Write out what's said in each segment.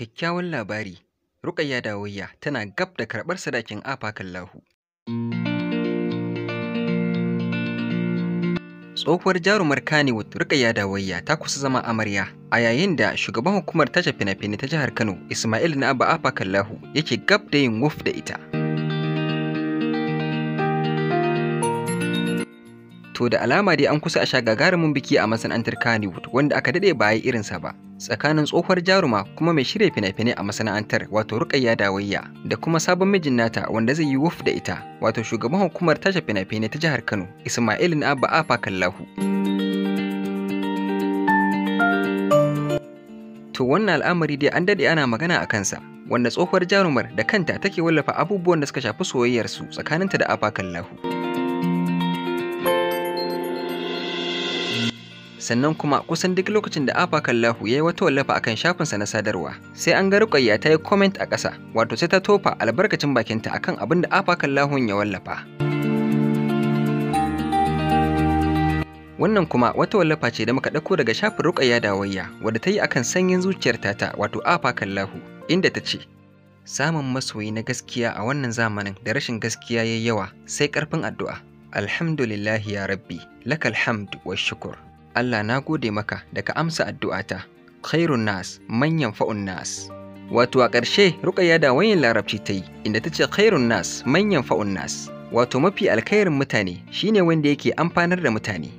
Kyakkyawan labari, Ruƙayya wayya tana gab da karɓar sadakin Afakan Lahu. Tsohuwar jarumar wato Ruƙayya Dawayya ta kusa zama amarya a yayin da shugaban hukumar tace fina-finai ta jihar Kano Ismail na Abba Lahu yake gab da yin wuf da ita. To da alama dai an kusa a sha gagarumin biki a masana'antar Kanewood wanda aka daɗe ba a yi irinsa ba. tsakanin tsohuwar jaruma kuma mai shirya fina-finai a masana'antar wato rukayya dawayya da kuma sabon mijin nata wanda zai yi wuf da ita wato shugaban hukumar tasha fina-finai ta jihar kano ismail na abba afa kallahu to wannan al'amari dai an dade ana magana a kansa wanda tsohuwar jarumar da kanta take wallafa abubuwan da suka shafi soyayyarsu tsakaninta da afa kallahu sannan kuma kusan duk lokacin da afa kallahu ya yi wata wallafa akan shafinsa na sadarwa sai an ga rukayya ta yi comment a ƙasa wato sai ta tofa albarkacin bakinta akan abin da afa kallahun ya wallafa wannan kuma wata wallafa ce da muka ɗauko daga shafin rukayya da wayya, wadda ta yi akan sanyin zuciyar tata wato afa kallahu inda ta ce samun masoyi na gaskiya a wannan zamanin da rashin gaskiya ya yawa sai ƙarfin addu'a alhamdulillahi ya rabbi lakal hamdu wa shukur Allah na gode maka da ka amsa addu'ata khairun nas manyan fa'un nas wato a ƙarshe ruƙayya da wayan larabci ta yi inda ta ce khairun nas manyan fa'un nas wato mafi alkhairin mutane shi ne wanda yake amfanar da mutane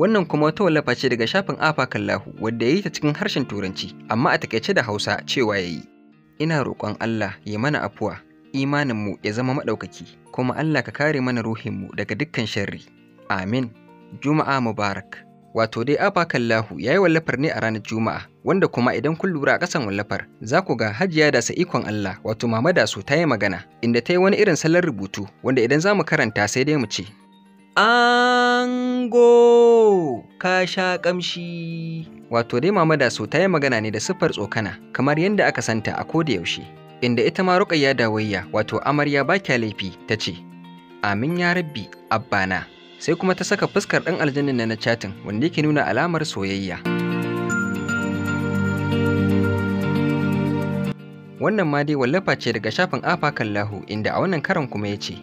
wannan kuma wata wallafa ce daga shafin afa kallahu wadda ya yi ta cikin harshen turanci amma a takaice da hausa cewa ya yi ina roƙon allah ya mana afuwa imaninmu ya zama maɗaukaki kuma Allah ka kare mana ruhinmu daga dukkan sharri amin juma'a mubarak wato dai abakallahu ya yi wallafar ne a ranar juma'a wanda kuma idan kun lura a ƙasan wallafar za ku ga hajiya da sa ikon Allah wato mama su ta yi magana inda ta yi wani irin salon rubutu wanda idan za mu karanta sai dai mu ce ango ka sha ƙamshi wato dai mama ta yi magana ne da siffar tsokana kamar yadda aka santa a ko da yaushe inda ita ma ruƙayya Dawayya wato amarya ba kya laifi ta ce amin ya rabbi abbana sai kuma ta saka fuskar ɗan aljannin na na chatin wanda yake nuna alamar soyayya wannan ma dai wallafa ce daga shafin afa kallahu inda a wannan karan kuma ya ce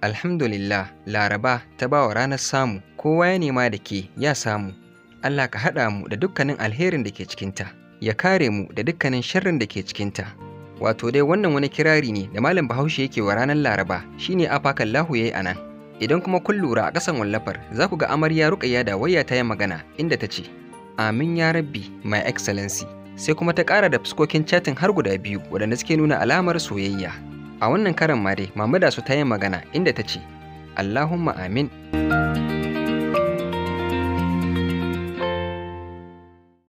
alhamdulillah laraba ta ba wa ranar samu kowa ya nema da ke ya samu allah ka haɗa mu da dukkanin alherin da ke cikinta ya kare mu da dukkanin sharrin da ke cikinta wato dai wannan wani kirari ne da malam bahaushe yake wa ranar laraba shine afakallahu yayi anan idan kuma kun lura a ƙasan wallafar za ku ga amarya ruƙayya da wayya ta yi magana inda ta ce amin ya rabbi my excellency sai kuma ta ƙara da fuskokin chatin har guda biyu waɗanda suke nuna alamar soyayya a wannan karan ma dai mamada su ta yi magana inda ta ce allahumma amin